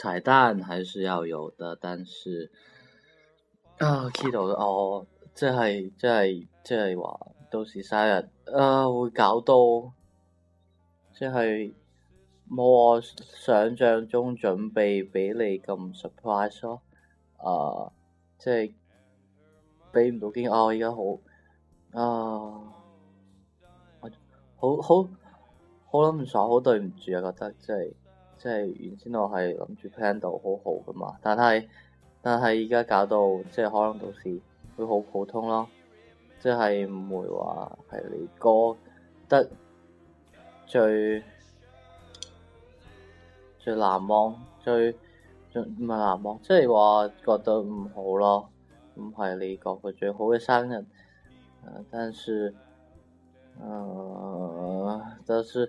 彩蛋還是要有的，但是啊，知道 d 哦，即係即係即係話，是是到時生日啊會搞到即係冇我想象中準備畀你咁 surprise 咯，哦，啊，即係畀唔到驚喜，我而家好啊，好好好諗唔爽，好對唔住啊，覺得即係。真即係原先我係諗住 plan 到好好噶嘛，但係但係而家搞到即係可能到時會好普通咯，即係唔會話係你哥得最最難忘最最唔係難忘，即係話覺得唔好咯，唔係你個個最好嘅生日，但是誒，但是。呃但是